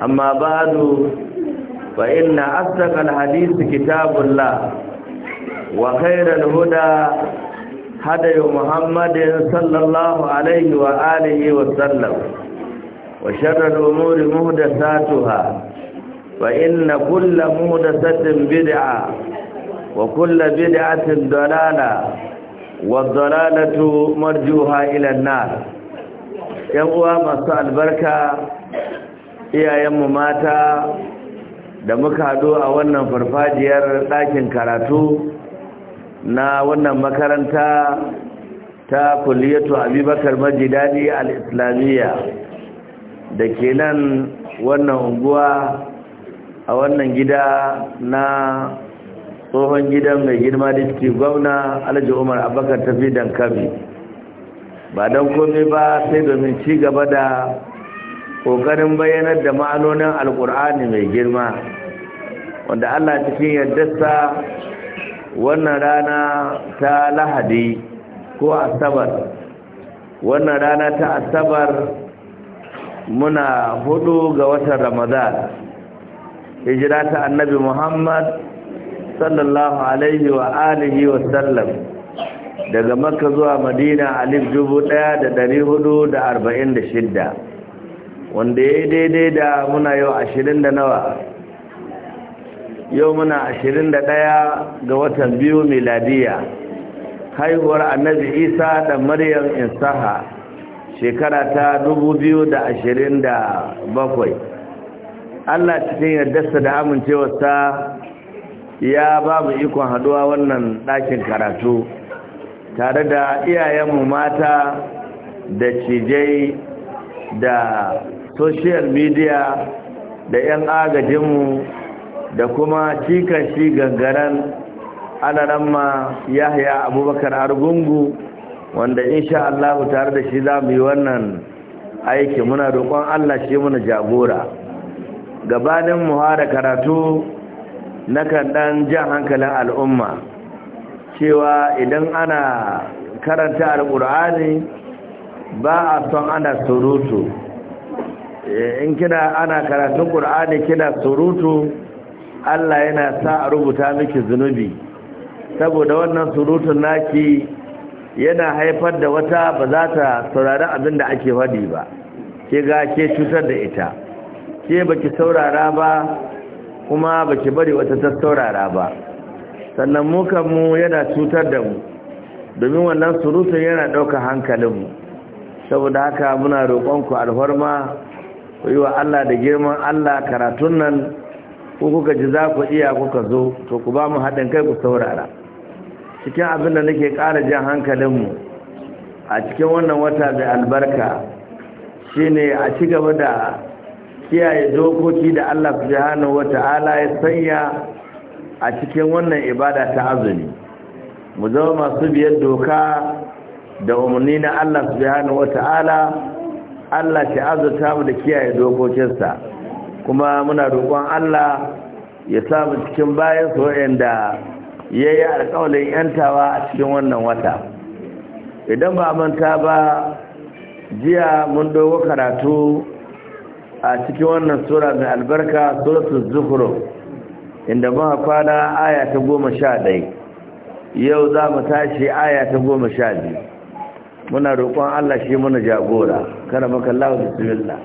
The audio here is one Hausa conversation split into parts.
amma bado fa inna astaqal hadith kitabullah wa khairal huda hadayu muhammadin sallallahu alayhi wa alihi wa sallam wa sharral umuri muhdathatuha fa inna kull muhdathatin bid'a wa kull bid'atin dalala wa dalalatu marjuha ila an-nar yawwa masal barka iyayenmu mata da muka haɗu a wannan farfajiyar ɗakin karatu na wannan makaranta ta kuliyatu abubakar majidadi al-islamiyya da ke nan wannan unguwa a wannan gida na tsohon gidan mai girma diski gwamna alhaji umar abubakar tafi dankami ba don komai ba sai domin ci gaba da ƙoƙarin bayanar da ma'anonin alƙur'ani mai girma wanda Allah cikin sa wannan rana ta lahadi ko asabar wannan rana ta asabar muna hudu ga watan ramadan hijira ta annabi muhammad sallallahu alaihi wa alihi wa sallam daga makka zuwa madina alif dubu ɗaya da ɗari da arba'in wanda ya daidai da muna yau ashirin da nawa yau muna ashirin da ɗaya ga watan biyu miladiya haihuwar annabi isa da maryam insaha shekara ta dubu biyu da ashirin da bakwai allah cikin yardarsa da amincewarsa ya ba mu ikon haduwa wannan ɗakin karatu tare da iyayenmu mata da cijai da social media da 'yan agajinmu da kuma cikan shi gangaren alaramma yahya abubakar argungu wanda insha Allah tare da shi za mu yi wannan aiki muna roƙon Allah shi muna jagora gabanin muhara karatu na kan dan jan hankalin al'umma cewa idan ana karanta alƙur'ani ba a son ana surutu in kina ana karatun ƙur'ani kina surutu Allah yana sa a rubuta miki zunubi saboda wannan surutun naki yana haifar da wata ba za ta saurari abin da ake faɗi ba ke ga ke cutar da ita ke baki saurara ba kuma baki bari wata ta saurara ba sannan mu yana cutar da mu domin wannan surutun yana ɗaukar hankalinmu saboda haka muna roƙonku alfarma ku yi wa Allah da girman Allah karatun nan ko kuka ji za ku iya kuka zo to ku ba mu haɗin kai ku saurara cikin abin da nake ƙara jan hankalinmu a cikin wannan wata mai albarka shine a ci gaba da kiyaye dokoki da Allah subhanahu wata'ala ya sanya a cikin wannan ibada ta azumi mu zama masu biyar doka da umarni na Allah subhanahu wata'ala Allah shi azurta mu da kiyaye dokokinsa kuma muna roƙon Allah ya sa mu cikin bayan su da ya yi alƙawalin yantawa a cikin wannan wata idan ba manta ba jiya mun dogo karatu a cikin wannan sura mai albarka suratul zukhruf inda muka kwana aya ta goma sha ɗaya yau za mu tashi aya ta goma sha biyu muna roƙon Allah shi muna jagora kada maka Allah bismillah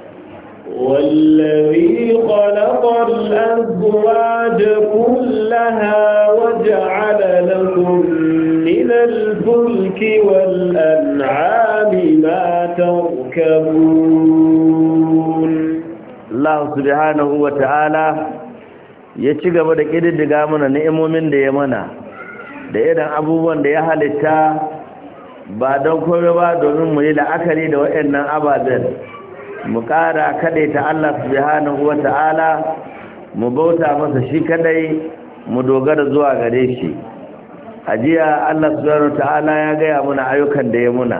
والذي خلق الأزواج كلها وجعل لكم من الفلك والأنعام ما تركبون الله سبحانه وتعالى ya ci gaba da ƙididdiga mana ni'imomin da ya mana da irin abubuwan da ya halitta ba don kome ba domin mu yi la'akari da waɗannan ababen mu ƙara kaɗai ta Allah subhanahu wa ta'ala mu bauta masa shi kadai mu dogara zuwa gare shi a jiya Allah subhanahu wa ta'ala ya gaya muna ayyukan da ya muna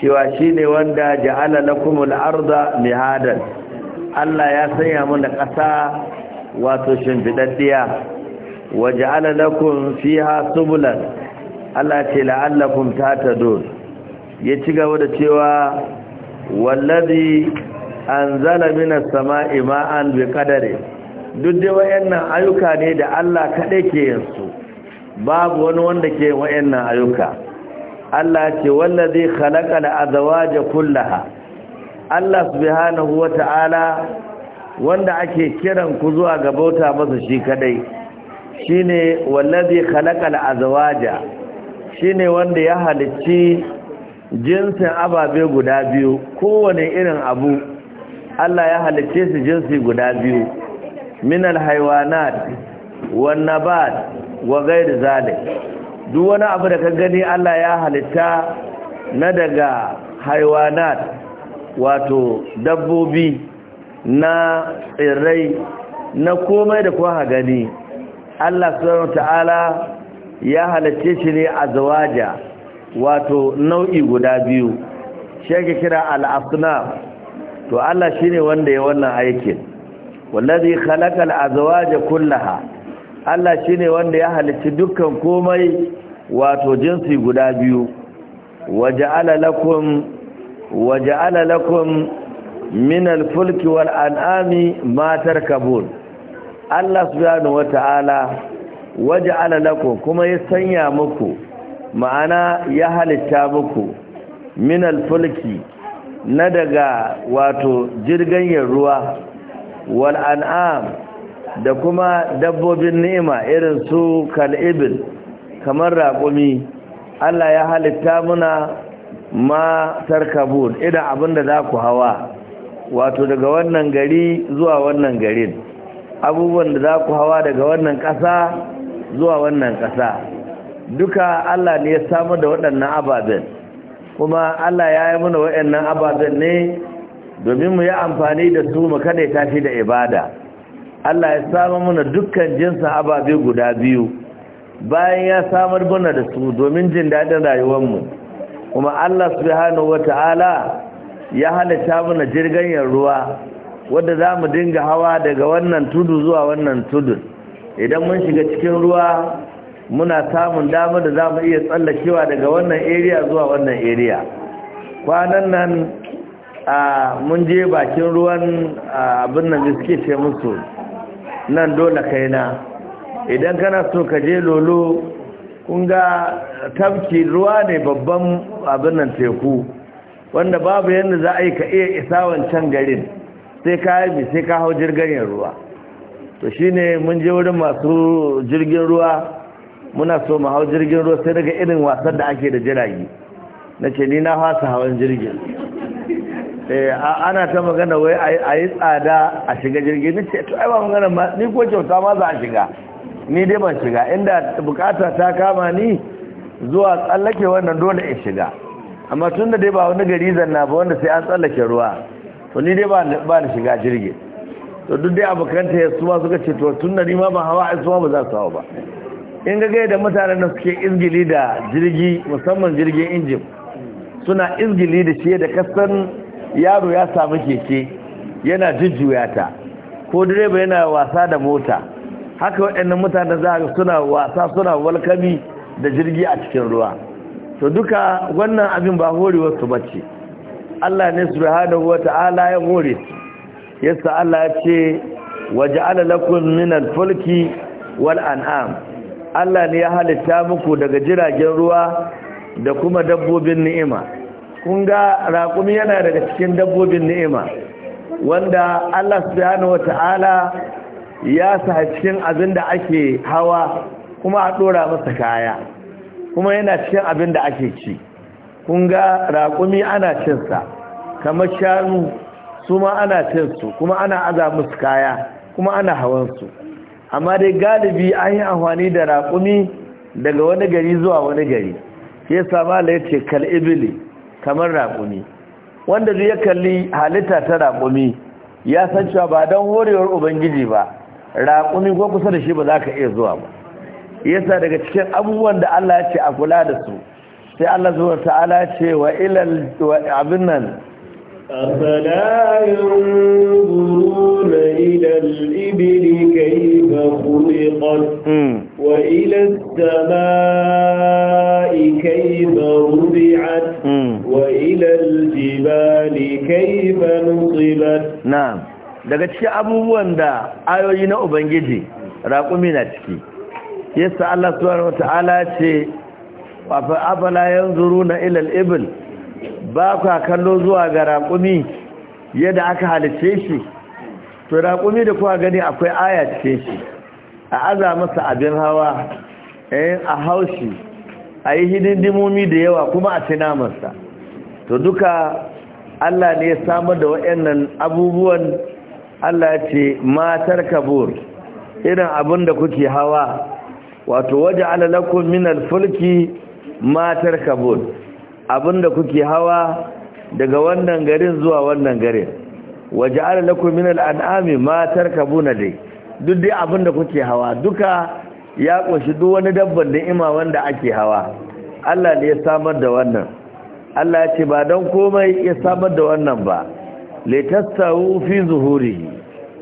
cewa shi ne wanda ja'ala lakumul arda mihadan Allah ya sanya muna ƙasa wato shimfiɗaɗɗiya wa ja'ala lakum fiha subulan Allah ce la'allakum tahtadun ya ci gaba da cewa wallazi anzala minas sama'i ma'an qadari duk da wayannan ayyuka ne da Allah kadai ke yin su babu wani wanda ke wayannan ayyuka Allah ce wallazi khalaqa al-azwaja kullaha Allah subhanahu wata'ala wanda ake kiran ku zuwa ga bauta masa shi kadai shine wallazi khalaqa al-azwaja shine wanda ya halicci jinsin ababe guda biyu kowane irin abu Allah ya halicce su jinsi guda biyu min alhaywanat wan nabat wa ghayr zalik duk wani abu da ka gani Allah ya halitta na daga haywanat wato dabbobi na tsirrai na komai da kowa gani Allah subhanahu ta'ala ya halarce shi ne a zawaja wato nau'i guda biyu shi kira al'afna to Allah shi ne wanda ya wannan aikin wallazi khalaqal azwaja kullaha Allah shi ne wanda ya halarci dukkan komai wato jinsi guda biyu waja'ala lakum waja'ala lakum min al-fulki wal an'ami ma tarkabun Allah subhanahu wata'ala waje alalako kuma ya sanya muku ma'ana ya halitta muku minal fulki na daga wato jirgin ruwa wal an'am da kuma dabbobin ni'ima irin su kal'ibil kamar raƙumi Allah ya halitta muna ma tarkabun idan abinda za ku hawa wato daga wannan gari zuwa wannan garin abubuwan da za ku hawa daga wannan ƙasa zuwa wannan ƙasa duka Allah ne ya samu da waɗannan ababen kuma Allah ya yi muna waɗannan ababen ne domin mu yi amfani da su mu kada ya tashi da ibada Allah ya samu muna dukkan jinsin ababe guda biyu bayan ya samar muna da su domin jin daɗin rayuwarmu kuma Allah subhanahu wata'ala ya halitta mana jirgin ruwa wadda za mu dinga hawa daga wannan tudu zuwa wannan tudun idan mun shiga cikin ruwa muna samun damar da za mu iya tsallakewa daga wannan area zuwa wannan area kwanan nan a mun je bakin ruwan abin nan da suke ce musu nan dole kai na. idan kana so ka je lolo kun tafki ruwa ne babban abin nan teku wanda babu yadda za a yi ka iya isa wancan garin sai ka yi sai ka hau jirgin ruwa to shine mun je wurin masu jirgin ruwa muna so mu hau jirgin ruwa sai daga irin wasan da ake da jirage na ce ni na fasa hawan jirgin eh, ana ta magana wai a yi tsada a shiga jirgin ni ce to ai magana ma ni ko kyauta ma za a shiga ni dai ban shiga inda bukata ta kama ni zuwa tsallake wannan dole in shiga amma tun da dai ba wani gari zanna ba wanda sai an tsallake ruwa to ni dai ba ni shiga jirgin to duk dai abokanta ya suwa suka ce to tun da nima ba hawa a suwa ba za su hawa ba in ga gaida mutanen da suke izgili da jirgi musamman jirgin injin suna izgili da shi da kasan yaro ya samu keke yana jujjuya ta ko direba yana wasa da mota haka waɗannan mutanen za ga suna wasa suna walkami da jirgi a cikin ruwa to duka wannan abin ba su bace Allah ne subhanahu wata'ala ya hore su yasa Allah ya ce waja'ala lakum minal fulki wal an'am Allah ne ya halitta muku daga jiragen ruwa da kuma dabbobin ni'ima kun ga raƙumi yana daga cikin dabbobin ni'ima wanda Allah subhanahu wata'ala ya sa cikin abin da ake hawa kuma a ɗora masa kaya kuma yana cikin abin da ake ci kun ga raƙumi ana cinsa kamar shanu su ma ana cin su kuma ana aza musu kaya kuma ana hawan su amma dai galibi an yi amfani da raƙumi daga wani gari zuwa wani gari shi yasa mala yace kal ibli kamar raƙumi wanda zai ya kalli halitta ta raƙumi ya san cewa ba don horewar ubangiji ba raƙumi ko kusa da shi ba za ka iya zuwa ba yasa daga cikin abubuwan da Allah ya ce a kula da su sai Allah zuwa ta'ala ce wa ilal abin nan أفلا ينظرون إلى الإبل كيف خلقت وإلى السماء كيف ربعت وإلى الجبال كيف نصبت نعم daga cikin abubuwan da ayoyi na ubangiji raƙumi na ciki yasa Allah subhanahu wataala ce wa fa afala yanzuruna ila ibil ba kwa kallo zuwa ga raƙumi yadda aka halice shi to raƙumi da kuwa gani akwai aya ce shi a aza masa abin hawa eh, a haushi a yi hidindimomi da yawa kuma a ci masa to duka Allah ne ya samar da waɗannan abubuwan Allah ce matar kabur irin abin da kuke hawa wato waje alalakun min fulki? matar kabur abinda kuke hawa daga wannan garin zuwa wannan garin waja'ala lakum min matar ma tarkabuna dai duk dai abinda kuke hawa duka ya kunshi duk wani dabban ni'ima wanda ake hawa Allah ne ya samar da wannan Allah ya ce ba don komai ya samar da wannan ba litastawu fi zuhurihi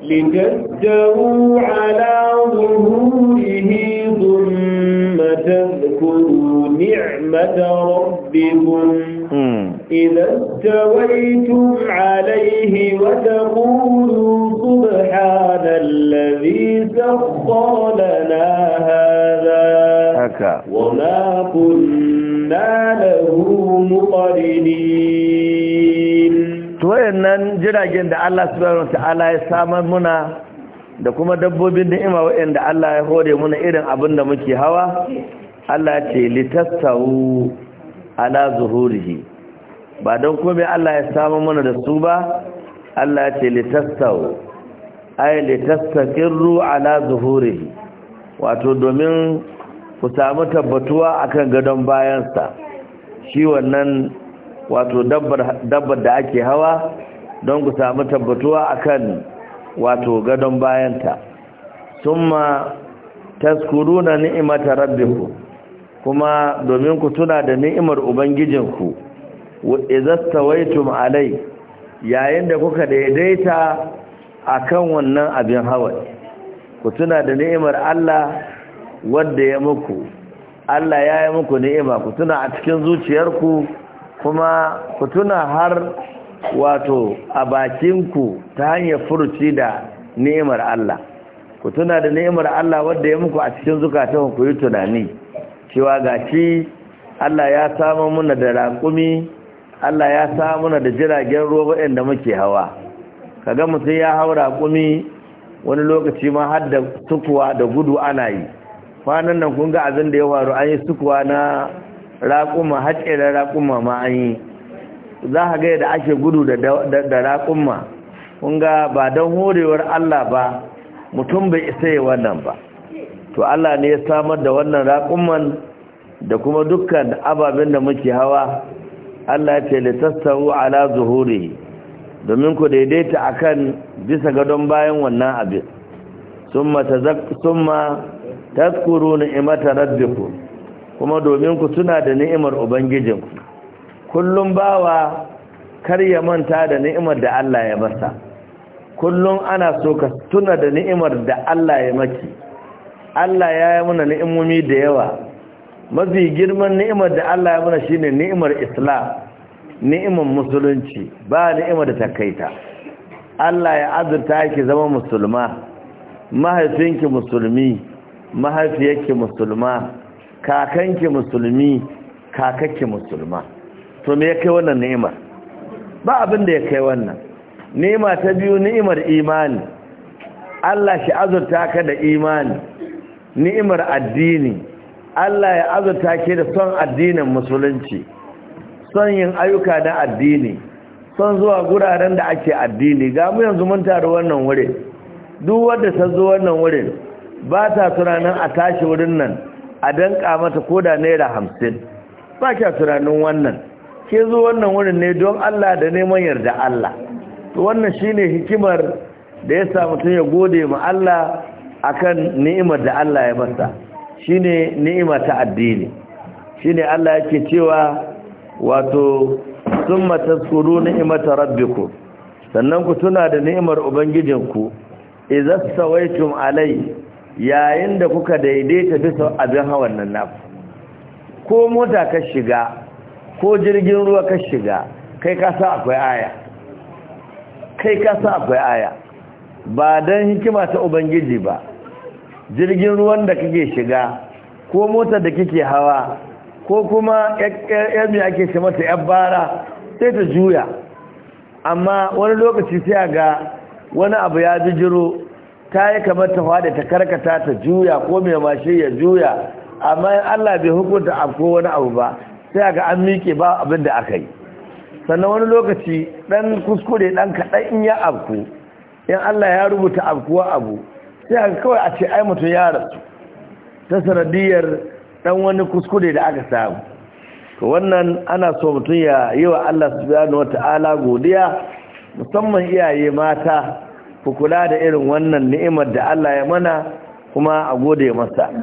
litastawu ala zuhurihi dhum تذكروا نعمة ربكم إذا استويتم عليه وتقولوا سبحان الذي سخر لنا هذا وما كنا له مقرنين to wayannan jiragen da Allah subhanahu wataala ya samar muna da kuma dabbobin ni'ima waɗanda Allah ya hore muna irin abin da muke hawa Allah ce litastawu ala zuhurihi ba don kome Allah ya samu muna da su ba Allah ce litastawu ay litastaqirru ala zuhurihi wato domin ku samu tabbatuwa akan gadon bayansa shi wannan wato dabbar da ake hawa don ku samu tabbatuwa akan wato gadon bayanta summa tazkuruna ni'mata rabbiku kuma domin ku tuna da ni'imar ubangijinku wa izastawaitum alai yayin da kuka daidaita akan wannan abin hawa ku tuna da ni'imar Allah wanda ya muku Allah ya yi muku ni'ima ku tuna a cikin zuciyarku kuma ku tuna har wato a bakinku ta hanyar furuci da ni'imar Allah ku tuna da ni'imar Allah wadda ya muku a cikin zukatan ku yi tunani cewa gashi Allah ya samu muna da raƙumi Allah ya samu muna da jiragen ruwa waɗanda muke hawa kaga mutum ya hau raƙumi wani lokaci ma har da sukuwa da gudu ana yi kwanan nan kun ga abin da ya faru an yi sukuwa na raƙuma haƙƙirar raƙuma ma an yi za ka gaya da ake gudu da raƙumma kunga ba don horewar Allah ba mutum bai isa yi wannan ba to Allah ne ya samar da wannan raƙumman da kuma dukkan ababen da muke hawa Allah ya ce litassahu ala zuhuri domin ku daidaita a kan bisa gadon bayan wannan abin summa summa tazkuruna imata rabbikum kuma domin ku tuna da ni'imar ubangijinku kullum bawa kar ya manta da ni'imar da Allah ya basa kullum ana so ka tuna da ni'imar da Allah ya maki Allah ya yi mana ni'imomi da yawa mafi girman ni'imar da Allah ya mana shine ni'imar Islam ni'imar musulunci ba ni'imar da takaita Allah ya azurta yake zama musulma mahaifinki musulmi mahaifiyarki musulma kakanki musulmi kakakki musulma to me ya kai wannan ni'imar ba abin da ya kai wannan ni'ima ta biyu ni'imar imani Allah shi azurta ka da imani ni'imar addini Allah ya azurta ke da son addinin musulunci son yin ayyuka na addini son zuwa guraren da ake addini ga mu yanzu mun taru wannan wuri duk wanda ta zo wannan wurin ba ta tunanin a tashi wurin nan a danka mata koda naira hamsin ba kya tunanin wannan ke zo wannan wurin ne don Allah da neman yarda Allah to wannan shine hikimar da ya sa mutum ya gode ma Allah akan ni'imar da Allah ya masa shine ni'ima ta addini shine Allah yake cewa wato summa tazkuru ni'imata rabbikum sannan ku tuna da ni'imar ubangijinku idza sawaitum alai yayin da kuka daidaita bisa abin hawan nan naku ko mota ka shiga ko jirgin ruwa ka shiga kai kasa akwai aya kai kasa akwai aya ba don hikima ta ubangiji ba jirgin ruwan da kake shiga ko motar da kake hawa ko kuma yadda ake ce mata bara, sai ta juya amma wani lokaci sai a ga wani abu ya bijiro ta yi kamar ta hada ta karkata ta juya ko mai mashi ya juya amma Allah bai hukunta ko wani abu ba sai ga an mike ba abin da aka yi sannan wani lokaci dan kuskure dan kaɗan in ya abku in Allah ya rubuta wa abu sai ga kawai a ce ai mutum ya rasu ta sanadiyar dan wani kuskure da aka samu to wannan ana so mutum ya yi wa Allah subhanahu wata'ala godiya musamman iyaye mata ku kula da irin wannan ni'imar da Allah ya mana kuma a gode masa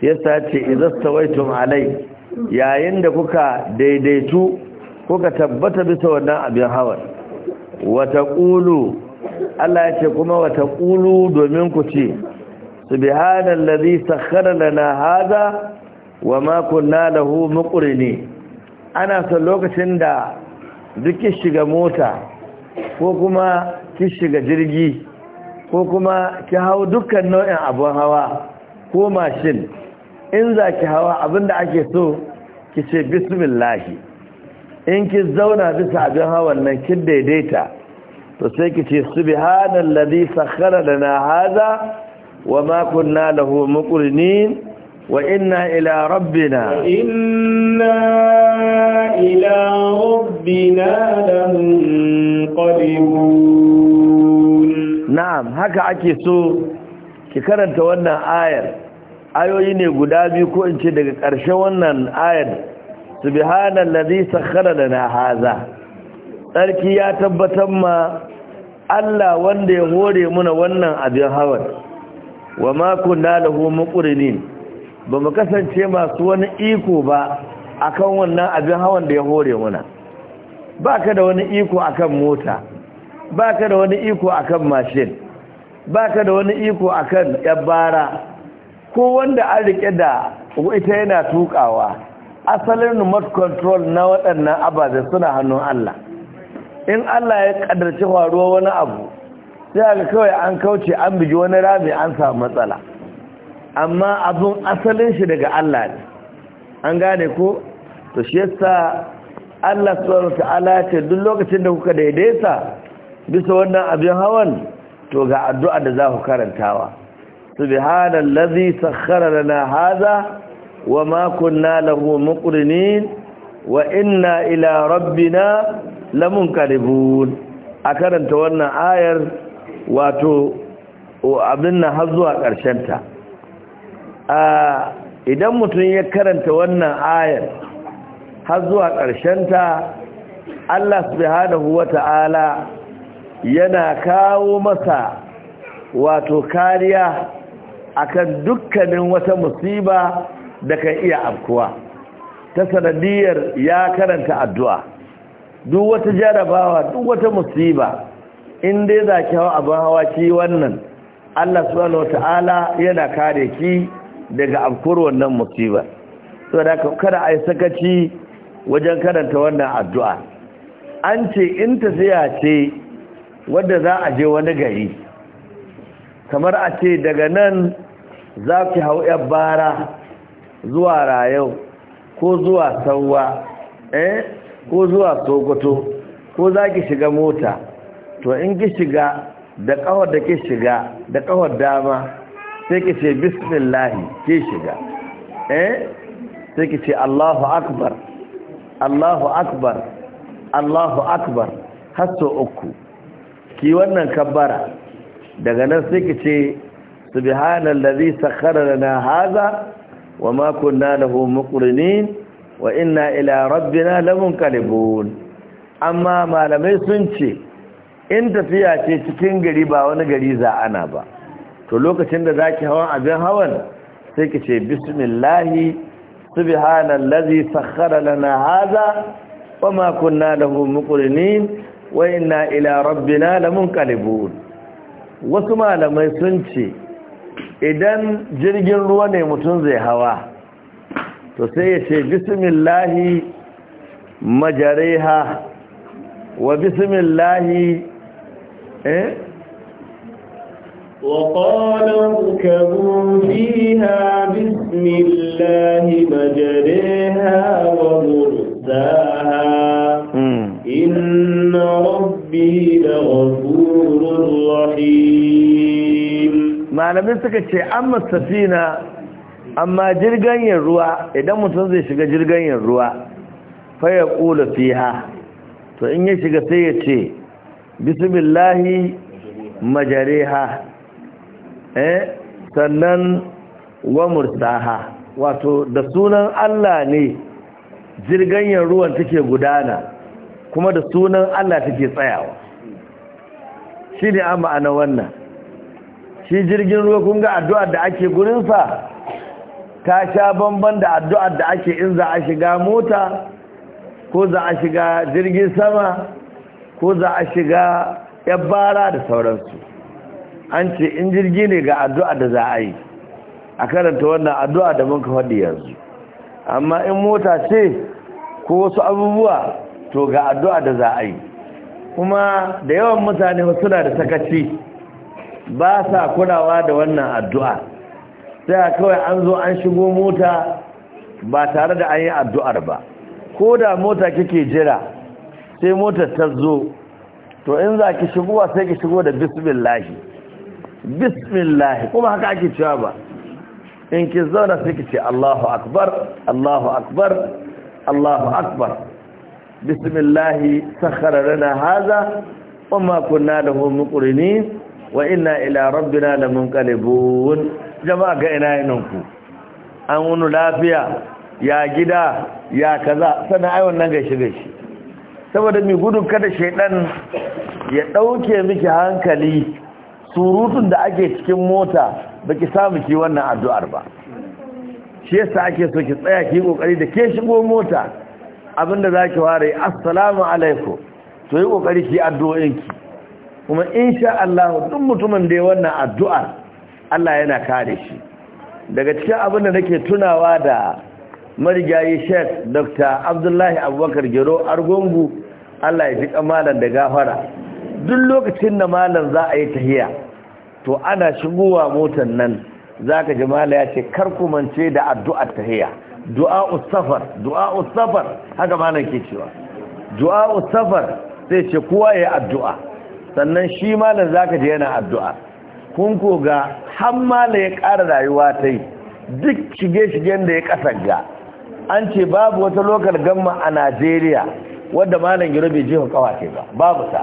yasa ce idan stawaitum alai yayin da kuka daidaitu kuka tabbata bisa wannan abin hawan wata ƙulu Allah ya ce kuma wata ƙulu domin ku ce subhanan lalzi sakhara lana haza. wa makon kunna lahu ne. ana son lokacin da duk shiga mota ko kuma ki shiga jirgi ko kuma ki hau dukkan nau'in abin hawa ko mashin in za ki hawa abinda ake so ki ce bismillahi in ki zauna bisa abin hawan nan ki daidaita to sai ki ce su bi lana hadha wama da na haza wa inna ila rabbina inna ila rabbina lamunqalibun na'am haka ake so ki karanta wannan ayar ayoyi ne guda biyu ko in ce daga ƙarshe wannan ayar subhanan ladhi sakhara lana haza sarki ya tabbatar ma Allah wanda ya hore muna wannan abin hawan wa ma kunna lahu muqrinin ba mu kasance masu wani iko ba akan wannan abin hawan da ya hore muna baka da wani iko akan mota baka da wani iko akan mashin baka da wani iko akan yabbara ko wanda an rike da ita yana tukawa asalin remote control na waɗannan ababen suna hannun Allah in Allah ya ƙadarci faruwa wani abu sai aka kawai an kauce an biji wani rami an samu matsala amma abin asalin shi daga Allah ne an gane ko to shi yasa Allah subhanahu ta'ala ce duk lokacin da kuka daidaita bisa wannan abin hawan to ga addu'a da za ku karantawa subhanallazi sakhkhara lana hadha wama kunna lahu muqrinin wa inna ila rabbina lamunqalibun a karanta wannan ayar wato abin nan ƙarshen ta idan mutum ya karanta wannan ayar har zuwa ƙarshen ta Allah subhanahu wata'ala yana kawo masa wato kariya akan dukkanin wata musiba da kan iya afkuwa ta sanadiyar ya karanta addu'a duk wata jarabawa duk wata musiba in dai za ki hawa abin hawa ki wannan Allah subhanahu wata'ala yana kare ki daga afkuwar wannan musiba so da kada a yi sakaci wajen karanta wannan addu'a an ce in tafiya ce wadda za a je wani gari kamar a ce daga nan za ki hau ‘yar bara zuwa rayau ko zuwa sauwa eh, ko zuwa sokoto ko za ki shiga mota to in ki shiga da kawar da ki shiga da kawar dama sai ki ce bismillahi ki shiga eh sai ki ce Allahu akbar Allahu akbar Allahu akbar har uku ki wannan kabbara daga nan sai ki ce subhanallazi sakhkhara lana hadha wama kunna lahu muqrinin wa inna ila rabbina lamunqalibun amma malamai sun ce in tafiya ce cikin gari ba wani gari za ana ba to lokacin da zaki hawan abin hawan sai ki ce bismillahi subhanallazi sakhkhara lana hadha wama kunna lahu muqrinin wa inna ila rabbina lamunqalibun wasu malamai sun ce idan jirgin ruwa ne mutum zai hawa to sai ya ce bismillahi majareha wa bismillahi eh وقال اركبوا فيها بسم الله مجريها ومرساها إن ربي لغفور رحيم malamai suka ce amma safina amma jirganyen ruwa idan mutum zai shiga yin ruwa fa ya kula fiha to in ya shiga sai ya ce bismillahi majariha eh sannan wa mursaha wato da sunan Allah ne yin ruwan take gudana kuma da sunan Allah take tsayawa shi ne an ma'ana wannan shi jirgin ruwa kun ga addu'ar da ake gurinsa ta sha bamban da addu'ar da ake in za a shiga mota ko za a shiga jirgin sama ko za a shiga yabbara da sauransu an ce in jirgi ne ga addu'a da za a yi a karanta wannan addu'a da mun ka faɗi yanzu amma in mota ce ko wasu abubuwa to ga addu'a da za a yi kuma da yawan mutane suna da sakaci ba sa kulawa da wannan addu'a sai a kawai an zo an shigo mota ba tare da an yi addu'ar ba ko da mota kike jira sai mota ta zo to in za ki shigowa sai ki shigo da bismillahi bismillahi kuma haka ake cewa ba in ki zauna sai ki ce Allahu akbar Allahu akbar Allahu akbar bismillahi sakhara lana hadha wamma kunna lahu muqrinin wa inna ila rabbina lamunqalibun jama'a ga ina ku. an wunu lafiya ya gida ya kaza sana ai wannan gaishe gaishe saboda mi gudun kada shaiɗan ya dauke miki hankali surutun da ake cikin mota baki samu ki wannan addu'ar ba shi yasa ake so ki tsaya ki kokari da ke shigo mota abinda za ki ware assalamu alaikum to yi ƙoƙari ki addu'o'inki kuma insha Allah duk mutumin da ya wannan addu'a Allah yana kare shi daga cikin abin da nake tunawa da marigayi Sheikh Dr. Abdullahi Abubakar Gero Argungu Allah ya ji kamalan da gafara duk lokacin da malam za a yi tahiya to ana shigowa motan nan zaka ji ya ce kar ku mance da addu'ar tahiya du'a usafar du'a usafar haka malam ke cewa du'a usafar sai ce kowa ya addu'a sannan shi malam zaka je yana addu'a kun ko ga har malam ya ƙara rayuwa ta yi duk shige-shigen da ya kasar ga an ce babu wata lokal gamma a Najeriya wadda malam Giro bai jiha kawace ba babu ta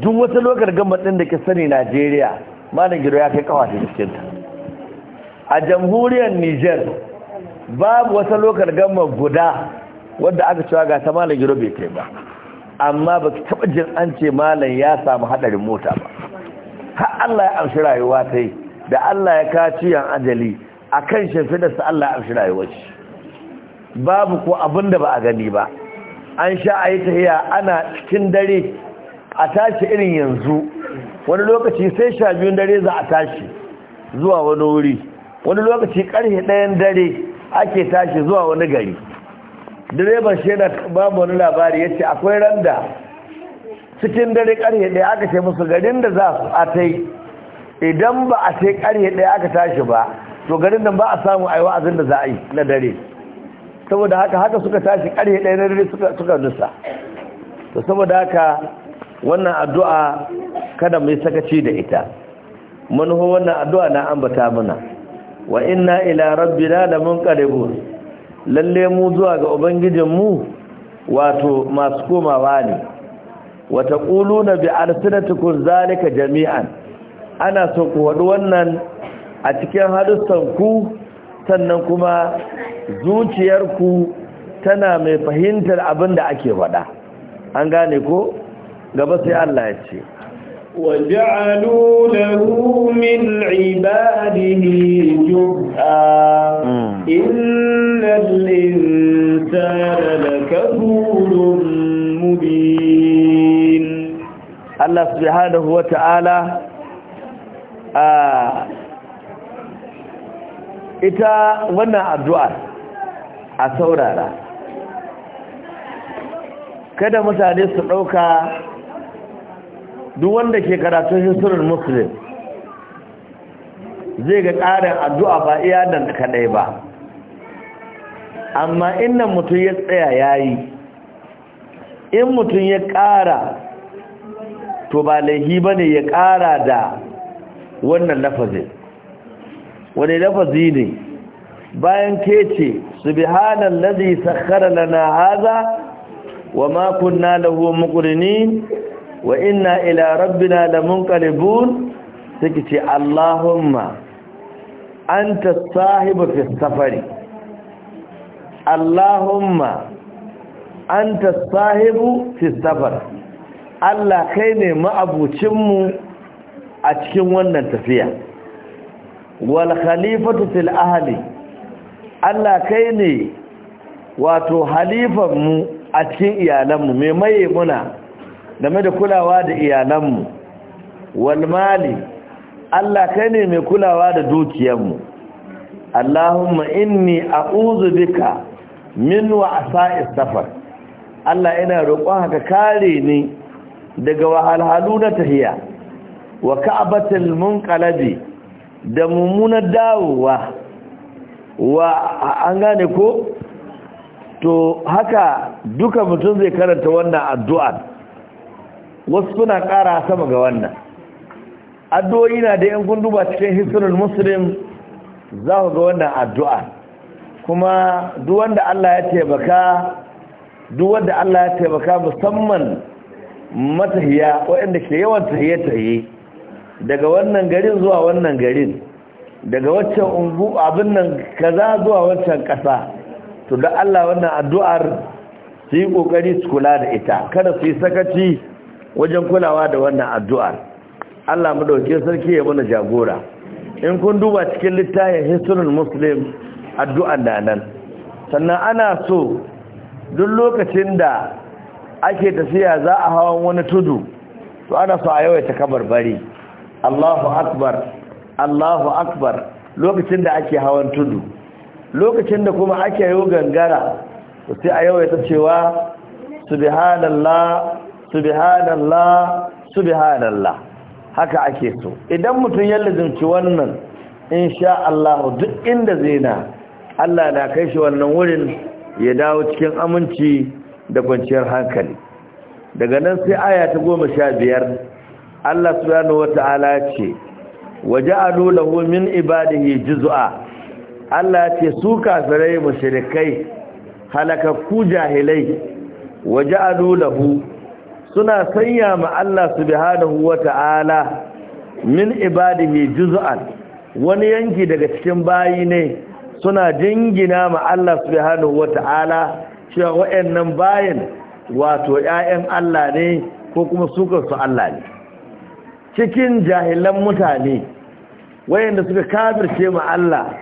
duk wata lokal gamma din da ke sani Najeriya malam Giro ya kai kawace cikin ta a jamhuriyar Niger babu wata lokar gama guda wadda aka cewa ga ta malam giro bai kai ba amma ba ki taba jin an ce malam ya samu haɗarin mota ba har Allah ya amshi rayuwa ta yi da Allah ya kaci yan ajali a kan shafidarsa Allah ya amshi rayuwa shi babu ko abin da ba a gani ba an sha a yi ta tahiya ana cikin dare a tashi irin yanzu wani lokaci sai sha biyun dare za a tashi zuwa wani wuri wani lokaci karhe ɗayan dare ake tashi zuwa wani gari direban shi yana babu wani labari ya ce akwai randa cikin dare karhe ɗaya aka ce musu garin da za su a ta idan ba a ce karhe ɗaya aka tashi ba to garin nan ba a samu a yi da za a yi na dare saboda haka haka suka tashi karhe ɗaya na dare suka nusa to saboda haka wannan addu'a kada mai sakaci da ita ho wannan addu'a na ambata mana wa inna ila rabbina lamunqalibun lalle mu zuwa ga ubangijin mu wato masu komawa ne wa taquluna bi alsinatikum zalika jami'an ana so ku wadu wannan a cikin hadisan ku sannan kuma zuciyarku tana mai fahimtar abin da ake faɗa an gane ko gaba sai Allah ya ce وجعلوا له من عباده جزءا إن الإنسان لكفور مبين الله سبحانه وتعالى آه ita wannan addu'ar a saurara kada mutane su ɗauka duk wanda ke karatun hisrul muslim zai ga ƙarin addu'a ba iya dan kaɗai ba amma inda mutum ya tsaya ya yi in mutum ya ƙara to ba laihi ba ne ya ƙara da wannan lafazi wani lafazi ne bayan ke ce su bi subhanan lazi sakkara lana haza wa makon na lahu wa inna ila rabbina lamunqalibun take ce Allahumma anta sahibu fi safari Allahumma anta sahibu fi safar Allah kai ne ma'abucin mu a cikin wannan tafiya wal khalifatu fil ahli Allah kai ne wato halifan mu a cikin iyalan mu mai maye muna game da kulawa da iyalanmu wal Allah kai ne mai kulawa da dukiyarmu Allahumma inni a'udhu bika min wa'sa'is safar Allah ina roƙon haka kare ni daga wahalhalu na tahiya wa ka'batil munqalabi da mummunar dawowa wa an gane ko to haka duka mutum zai karanta wannan addu'a wasu suna ƙara sama ga wannan addu'o'i na da yan gunduba cikin hisnul muslim za ku ga wannan addu'a kuma duk wanda Allah ya taimaka duk wanda Allah ya taimaka musamman matahiya waɗanda ke yawan tahiye-tahiye daga wannan garin zuwa wannan garin daga waccan ungu abin nan kaza zuwa waccan ƙasa to da Allah wannan addu'ar su yi ƙoƙari su kula da ita kada su yi sakaci wajen kulawa da wannan addu'ar Allah mu dauke sarki ya mana jagora in kun duba cikin littafin hisnul muslim addu'ar da nan sannan ana so duk lokacin da ake tafiya za a hawan wani tudu to ana so a yawaita kabarbari Allahu akbar Allahu akbar lokacin da ake hawan tudu lokacin da kuma ake yi gangara sai a yawaita cewa subhanallah subhanallah subhanallah haka ake so idan mutum ya lazimci wannan insha Allah duk inda na Allah na kai shi wannan wurin ya dawo cikin aminci da kwanciyar hankali daga nan sai aya ta goma sha biyar Allah subhanahu wata'ala ce waja'alu lahu min ibadihi juz'a Allah ce su kafirai mushrikai halakakku jahilai waja'alu lahu suna sanya ma Allah subhanahu ta'ala, min ibadihi juz'an wani yanki daga cikin bayi ne suna jingina ma Allah subhanahu wata'ala cewa wayannan bayin wato ƴaƴan Allah ne ko kuma sukan su Allah ne cikin jahilan mutane wayanda suka kafirce ma Allah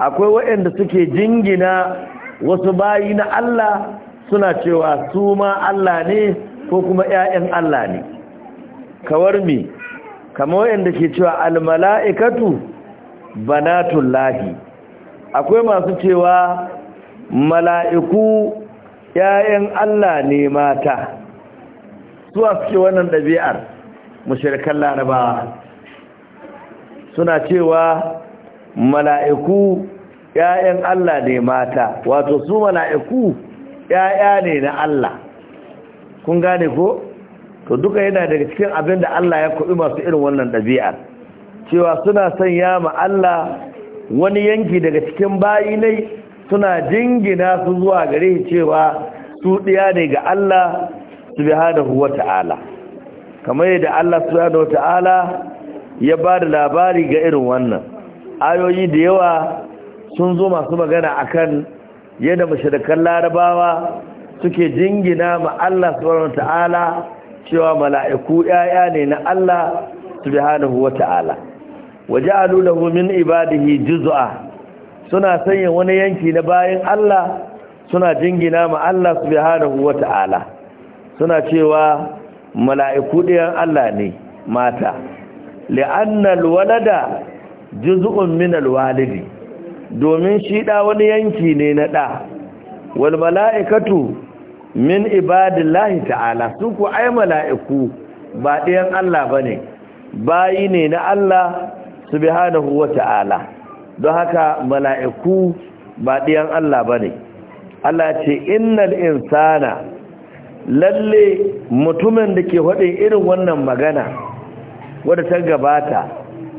akwai wayanda suke jingina wasu bayi na Allah suna cewa su ma Allah ne ko kuma ‘ya'yan Allah ne kawar mi kamar wayanda ke cewa almala'ikatu banatul lahi akwai masu cewa mala'iku ‘ya'yan Allah ne mata suwa suke wannan ɗabi'ar mashirkan larabawa suna cewa mala'iku ‘ya'yan Allah ne mata wato su mala'iku ‘ya'ya ne na Allah kun gane ko to duka yana daga cikin abin da Allah ya kubi masu irin wannan ɗabi'a. cewa suna son ma Allah wani yanki daga cikin bayinai suna jingina su zuwa gare cewa su ɗiya ne ga Allah huwa wata'ala kamar yadda Allah subhanahu wata'ala ya ba da labari ga irin wannan ayoyi da yawa sun zo masu magana akan yadda mashirikan larabawa suke jingina ma Allah subhanahu ta'ala cewa mala'iku yaya ne na Allah subhanahu wata'ala a lahu min ibadihi juzu’a suna sanya wani yanki na bayan Allah suna jingina ma Allah subhanahu wata'ala suna cewa mala'iku ɗayan Allah ne mata li'annal walada juzu'un min alwalidi domin shi da wani yanki ne na ɗa wal mala'ikatu min ibadillahi ta'ala su ku ai mala'iku ba ɗayan Allah bane. ne bayi ne na Allah subhanahu wa ta'ala don haka mala'iku ba ɗayan Allah bane. Allah ce innal insana lalle mutumin da ke haɗe irin wannan magana wadda ta gabata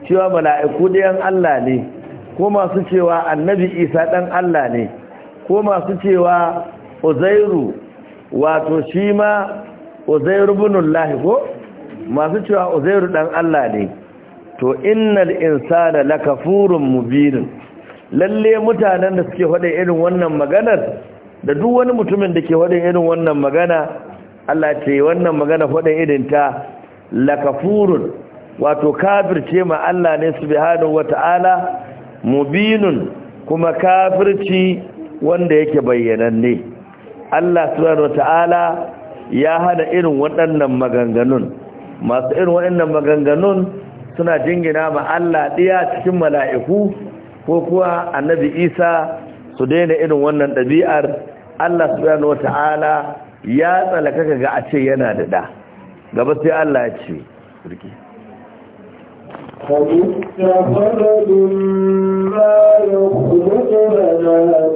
cewa mala'iku ɗayan Allah ne ko masu cewa annabi isa ɗan Allah ne ko masu cewa uzairu wato shi ma uzairu binullahi ko masu cewa uzairu dan Allah ne to innal insana lakafurun mubin lalle mutanen da suke faɗa irin wannan maganar da duk wani mutumin da ke faɗa irin wannan magana Allah ce wannan magana faɗa irin ta lakafurun wato kafirce ma Allah ne subhanahu wata'ala mubinun kuma kafirci wanda yake bayyananne Allah subhanahu wataala ya hada irin waɗannan maganganun masu irin waɗannan maganganun suna jingina ma Allah ɗiya cikin mala'iku ko kuwa annabi Isa su daina irin wannan ɗabi'ar Allah subhanahu wataala ya tsalaka ga a ce yana da da gaba sai Allah ya ce فَإِسْتَخَرَجُوا مَا يَخْلُقُ بَنَاتٍ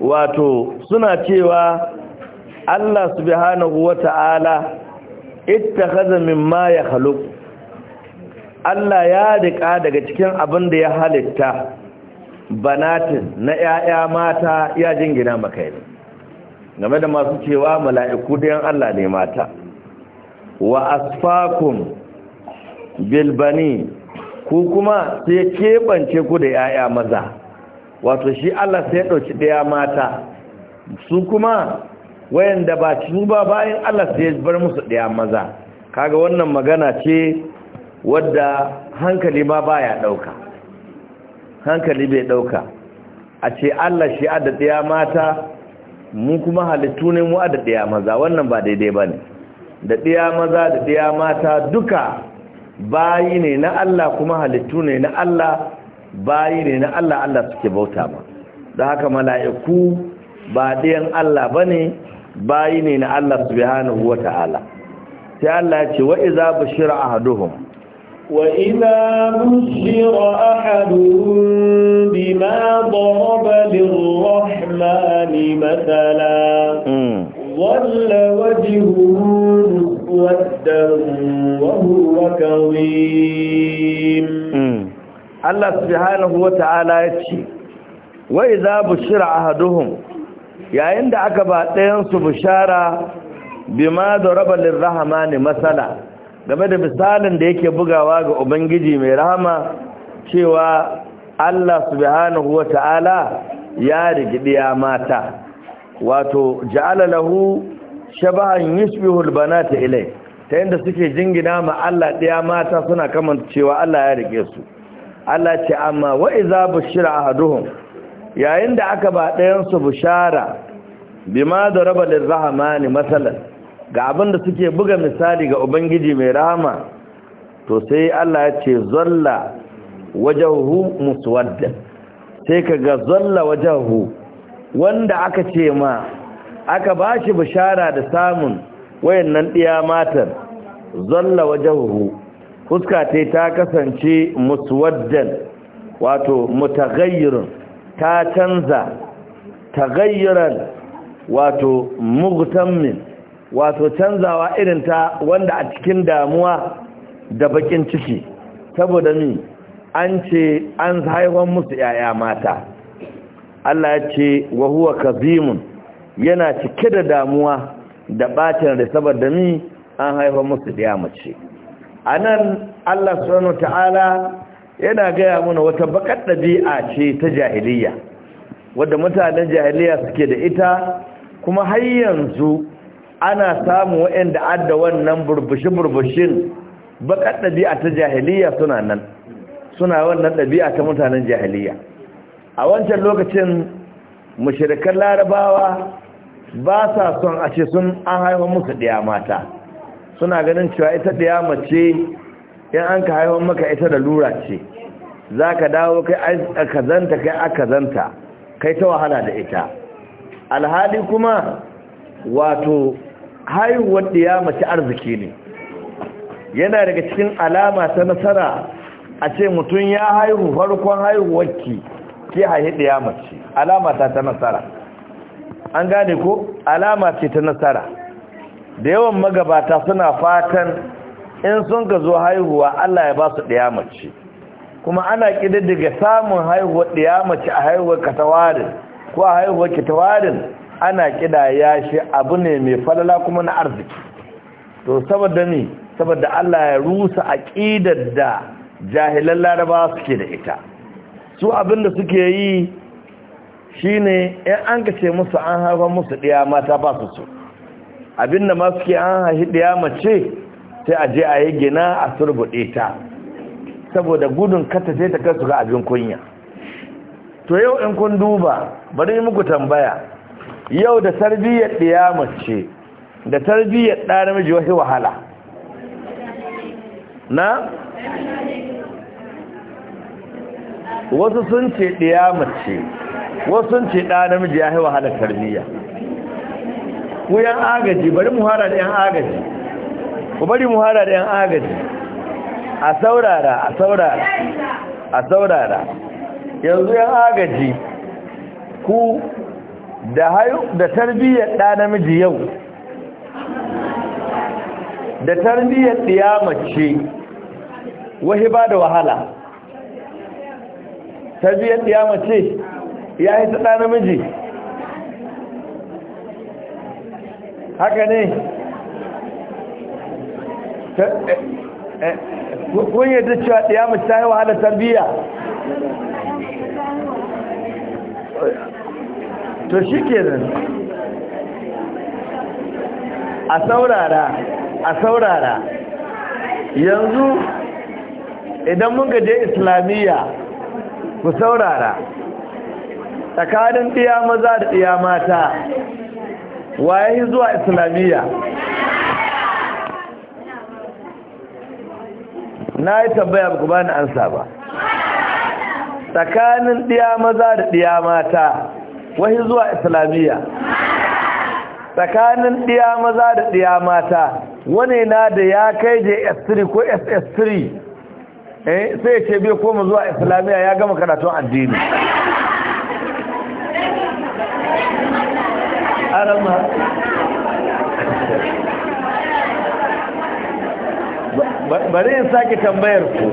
wato suna cewa Allah subhanahu wata'ala ittakhadha mimma khaluq Allah ya rika daga cikin abin da ya halitta banatin na 'ya'ya mata ya jingina makai ne game da masu cewa mala'iku da yan Allah ne mata wa asfakum bil bani ku kuma sai kebance ku da ƴaƴa maza wato shi Allah sai ya ɗauki daya mata su kuma wayanda ba cikin ba bayan Allah sai ya bar musu daya maza kaga wannan magana ce wadda hankali ma baya ɗauka, hankali bai ɗauka. a ce Allah shi adda daya mata mu kuma halittu ne mu adda daya maza wannan ba daidai bane da daya maza da daya mata duka bayi ne na Allah kuma halittu ne na Allah bayi ne na Allah Allah suke bauta ba don haka mala'iku ba ɗayan Allah ba ne bayi ne na Allah subhanahu wa ta'ala sai Allah ce wa iza bashira ahaduhum wa iza bashira ahaduhum bima daraba lirrahmani matala dhalla hmm. wajhuhu wasdan wa huwa kawai. Allah subhanahu ta'ala ya ce wa idza bushira ahaduhum yayin da aka ba ɗayan su bushara bima daraba lirrahmani masala game da misalin da yake bugawa ga ubangiji mai rahama cewa Allah subhanahu ta'ala ya ya mata wato ja'ala lahu shabahan yusbihu albanata ilai ta yanda suke jingina ma Allah ɗaya mata suna cewa Allah ya rike su Allah ce amma wa iza bushira ahaduhum yayin da aka ba ɗayan su bushara bima da raba lirrahmani masalan ga abin da suke buga misali ga ubangiji mai rahama to sai Allah ya ce zalla wajahu muswaddan sai kaga zalla wajahu wanda aka ce ma aka bashi bishara da samun wayannan diya matan zalla wajahu fuska ta ta kasance muswaddan wato mutaghayyirun ta canza taghayyaran wato mugtammin wato canzawa irin ta wanda a cikin damuwa da bakin ciki saboda ni an ce an haihuwar musu yaya mata Allah ya ce wa huwa kazimun yana cike da damuwa da bacin da saboda ni an haihuwar musu da mace a nan allah subhanahu ta'ala yana gaya mana wata bakar ɗabi'a ce ta jahiliya wadda mutanen jahiliya suke da ita kuma har yanzu ana samu waɗanda adda wannan burbushin burbushin bakar ɗabi'a ta jahiliya suna nan suna wannan ɗabi'a ta mutanen jahiliya a wancan lokacin mashirikan larabawa ba sa son a ce sun an haifa musu ɗaya mata suna ganin cewa ita da ya mace in an ka haifan maka ita da lura ce za ka dawo kai a kazanta kai a kazanta kai ta wahala da ita alhali kuma wato haihuwar da ya mace arziki ne yana daga cikin alama ta nasara a ce mutum ya haihu farkon ki ke haihu da ya mace alama ta nasara an gane ko alama ce ta nasara da yawan magabata suna fatan in sun ka zo haihuwa Allah ya ba su ɗaya mace kuma ana daga samun haihuwar ɗiya mace a haihuwar katawarin ko a haihuwar katawarin ana ƙidaya shi abu ne mai falala kuma na arziki to saboda ni saboda Allah ya rusa a ƙidar da jahilan laraba suke da ita su abin da suke yi shine in an kace musu an haifar musu ɗaya mata ba su so abinda ma suke an haihi ɗaya mace sai a je a yi gina a surbuɗe ta saboda gudun kata sai ta kasu ga abin kunya to yau in kun duba bari yi muku tambaya yau da tarbiyyar ɗiya mace da tarbiyyar ɗa namiji wasu wahala na wasu sun ce ɗiya mace wasu sun ce ɗa namiji ya yi wahalar tarbiyya ko yan agaji bari mu hara da yan agaji ku bari mu hara da yan agaji a saurara a saurara a saurara yanzu yan agaji ku da hayu da tarbiyyar da namiji yau da tarbiyyar ɗiyamace wahi ba da wahala tarbiyyar mace ya yi ta ɗa namiji haka ne eh, eh, kun yadda cewa ɗaya mace ta yi wahala tarbiyya to shi ke nan a saurara a saurara yanzu idan mun gaje islamiyya ku saurara tsakanin ɗiya maza da ɗiya mata waye zuwa islamiyya na yi tambaya ba ku bani ansa ba tsakanin ɗiya maza da ɗiya mata wahi zuwa islamiyya tsakanin ɗiya maza da ɗiya mata wane na da ya kai s 3 ko ss3 eh sai ya ce bai koma zuwa islamiyya ya gama karatun addini harama bari in sake tambayar ku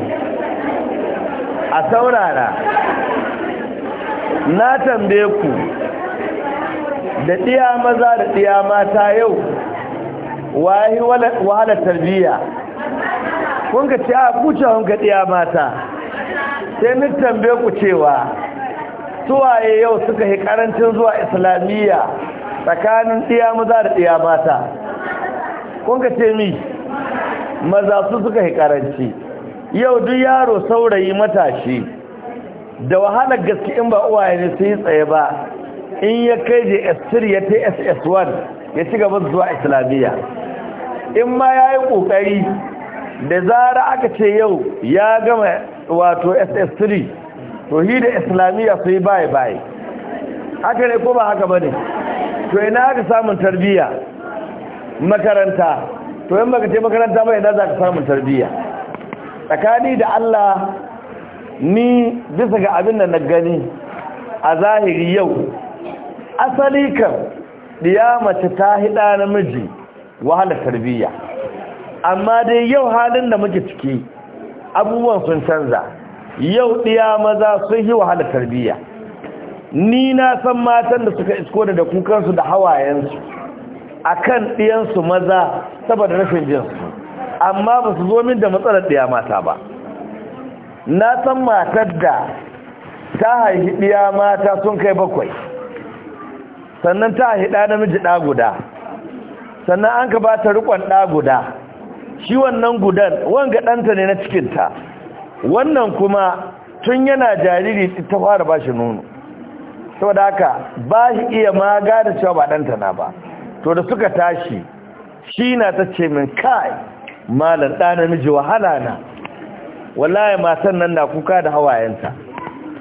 a saurara na tambaye ku da ɗiya maza da ɗiya mata yau wahi wahala tarbiyya kun ka ce a kuce ka ɗiya mata sai ni tambaye ku cewa suwaye yau suka yi ƙarancin zuwa islamiyya tsakanin ɗiya maza da ɗiya mata kun ka ce mi maza su suka yi karanci yau duk yaro saurayi matashi da wahalar gaske in ba uwaye ne su yi tsaye ba in ya kai da s ya ta ss1 ya ci gaba zuwa islamiyya in ma ya yi ƙoƙari da zara aka ce yau ya gama wato ss3 to hi da islamiyya su yi bye-bye haka ne ko ba haka ba ne to ina aka samun tarbiyya makaranta to yin baka ce makaranta ba ina za ka samun tarbiyya tsakani da Allah ni bisa ga abin da na gani a zahiri yau asali kan ɗiya mace ta hida namiji wahala tarbiyya amma dai yau halin da muke ciki abubuwan sun canza yau diya maza sun yi wahala tarbiyya ni na san matan da suka isko da da kukansu da hawayensu a kan ɗiyansu maza saboda rashin jinsu amma ba su zo min da matsalar ɗiya mata ba na san matar da ta haihi ɗiya mata sun kai bakwai sannan ta haihi ɗa namiji ɗa guda sannan an ka ba ta riƙon ɗa guda shi wannan gudan wanga ɗanta ne na cikinta wannan kuma tun yana jariri ta fara ba shi nono saboda haka ba shi iya ma gada cewa ba ɗanta na ba to da suka tashi shi na ta ce min kai malam ɗa namiji wahala na wallahi masan nan na kuka da hawayenta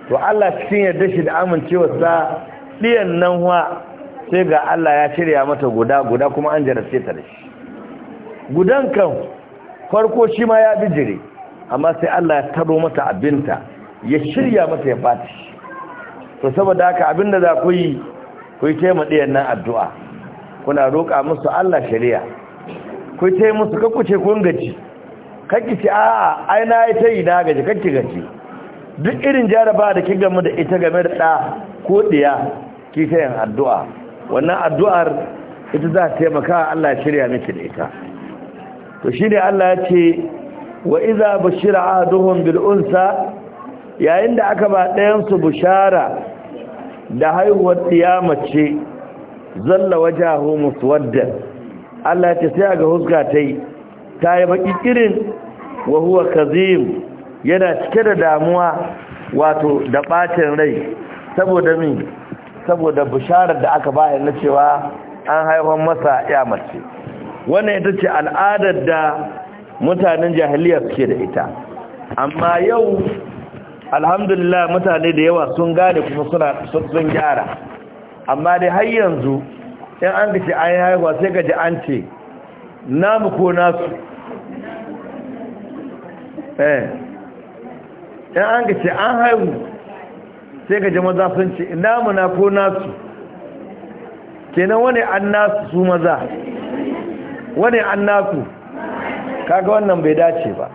to Allah cikin yarda shi da sa ɗiyan nan wa sai ga Allah ya shirya mata guda guda kuma an jarace ta da shi gudan kan farko shi ma ya bijire amma sai Allah ya taro mata abinta ya shirya mata ya fati to saboda haka abinda za ku yi ku yi taima ɗiyan nan addu'a kuna roƙa musu Allah shari'a ku yi taima musu kakkuce kun gaji kakki ce a'a ai na yi ta na gaji kakki gaji duk irin jaraba da ki gamu da ita game da ɗa ko ɗiya ki ta yin addu'a wannan addu'ar ita za ta taimaka Allah shirya miki da ita to shi Allah ya ce wa iza bashira ahaduhum bil unsa yayin da aka ba ɗayan su bushara da haihuwar mace zalla wajahu wadda. Allah ce sai ga huska tai ta yi baki kirin wa huwa kazim yana cike da damuwa wato da bacin rai saboda min saboda bisharar da aka ba na cewa an haifar masa ya mace wannan ita ce al'adar da mutanen jahiliya suke da ita amma yau alhamdulillah mutane da yawa sun gane kuma suna sun gyara amma dai har yanzu in an kace an haihuwa sai ka ji an ce namu ko nasu eh in an kace an haihu sai ka ji maza sun ce namu na ko nasu kenan wani an nasu su maza wani an nasu kaga wannan bai dace ba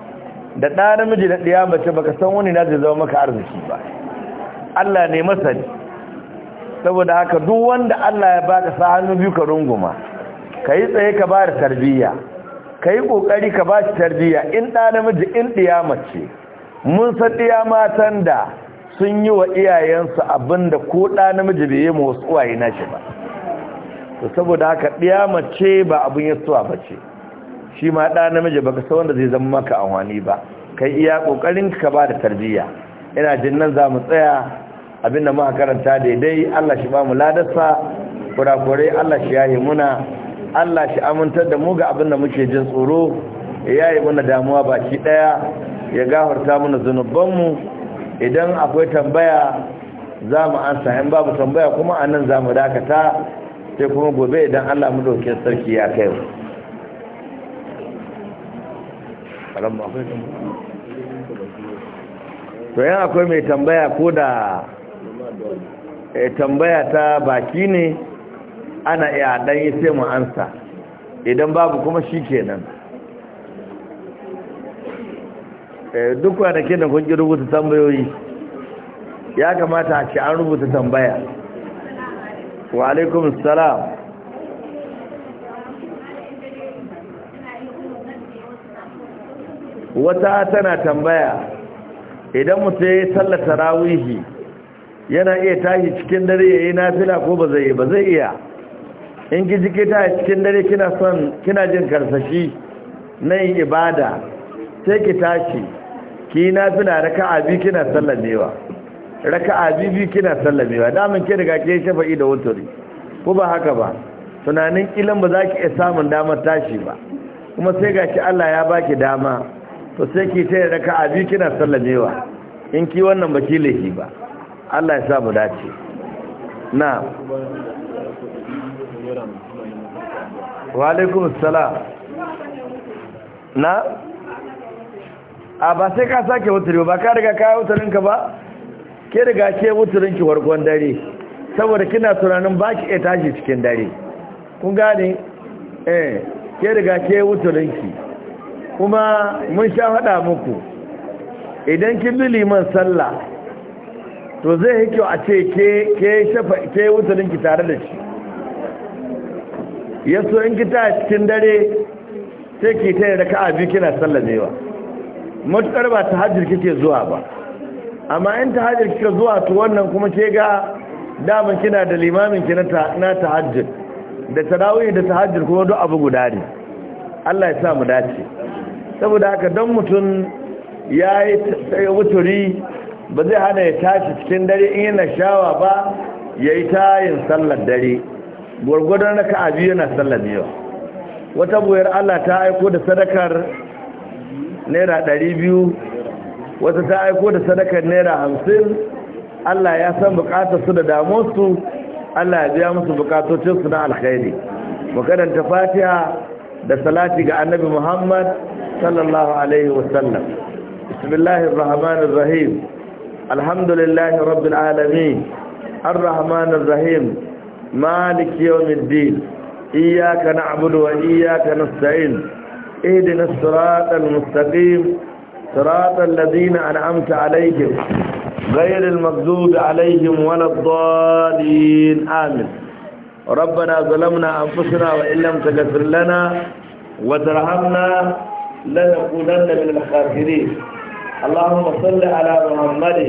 da ɗa namiji da ɗaya mace baka san wani na zai zama maka arziki ba Allah ne masani saboda haka duk wanda Allah ya baka sa hannu biyu ka runguma ka yi tsaye ka ba da tarbiyya ka yi ƙoƙari ka ba shi tarbiyya in ɗa namiji in ɗiya mace mun san ɗiya matan da sun yi wa iyayensu abin da ko ɗa namiji bai yi ma wasu uwaye na shi ba to saboda haka ɗiya mace ba abin yasuwa ba ce shi ma ɗa namiji baka san wanda zai zama maka amfani ba kai iya ƙoƙarin ka ba da tarbiyya ina jin nan za mu tsaya abinda muka karanta daidai Allah shi ba mu ladarsa kurakure Allah shi yayi muna Allah shi amintar da mu ga abin da muke jin tsoro yayi muna damuwa baki ɗaya ya gafarta mana zanubanmu idan akwai tambaya za mu ansa in babu tambaya kuma anan za mu dakata sai kuma gobe idan Allah mu dauke sarki ya kai mu karan to yana akwai mai tambaya ko da eh, tambaya ta baki ne ana iya dan yi sai mu ansa idan babu kuma shi kenan eh, duk ke da kun rubuta tambayoyi ya kamata a ci an rubuta tambaya wa alaikum salam wata tana tambaya idan mutum ya yi sallar tarawihi yana iya tashi cikin dare ya yi nafila ko ba zai ba zai iya in ki jike ta cikin dare kina son kina jin karsashi na yin ibada sai ki tashi ki yi nafila raka'a biyu kina sallamewa raka'a biyu biyu kina sallamewa damin ki riga ki shafa'i da wuturi ko ba haka ba tunanin kilan ba za ki iya samun damar tashi ba kuma sai ga Allah ya baki dama to sai ki ta yi raka a biyu kina sallamewa in ki wannan baki laifi ba Allah ya sa mu dace na wa alaikum salam na a ba sai ka sake wuturi ba ka riga ka wuturin ka ba ke riga ke wuturin ki warkon dare saboda kina tunanin ba ki tashi cikin dare kun gane eh ke riga ke wuturin ki kuma mun sha faɗa muku idan kin bi liman sallah to zai yi a ce ke shafa ke wutarin ki tare da shi ya so in kita cikin dare sai ki tare da ka abi kina sallamewa matukar ba ta kike zuwa ba amma in ta kike zuwa to wannan kuma ke ga Dama kina da limamin ki na ta da tarawih da ta kuma duk abu guda ne Allah ya sa mu dace saboda haka don mutum ya yi wuturi ba zai hana ya tashi cikin dare in yana shawa ba ya yi tayin sallar dare gwargwadon na ka biyu yana sallar biyu wata buwayar allah ta aiko da sadakar naira ɗari biyu wata ta aiko da sadakar naira hamsin allah ya san bukatar su da damuwarsu allah ya biya musu bukatocinsu na alkhairi mu karanta fatiha da salati ga annabi muhammad صلى الله عليه وسلم بسم الله الرحمن الرحيم الحمد لله رب العالمين الرحمن الرحيم مالك يوم الدين إياك نعبد وإياك نستعين اهدنا الصراط المستقيم صراط الذين أنعمت عليهم غير المغضوب عليهم ولا الضالين آمين ربنا ظلمنا أنفسنا وإن لم تغفر لنا وترحمنا لنكونن من الخاسرين اللهم صل على محمد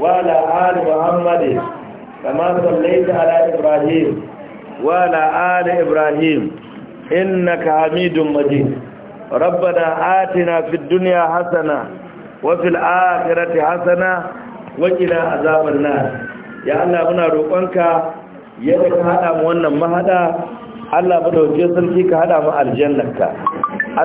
وعلى آل محمد كما صليت على إبراهيم وعلى آل إبراهيم إنك حميد مجيد ربنا آتنا في الدنيا حسنة وفي الآخرة حسنة وقنا عذاب النار يا الله muna roƙonka yadda ka hada mu wannan mahada Allah madauke sarki ka hada mu aljannarka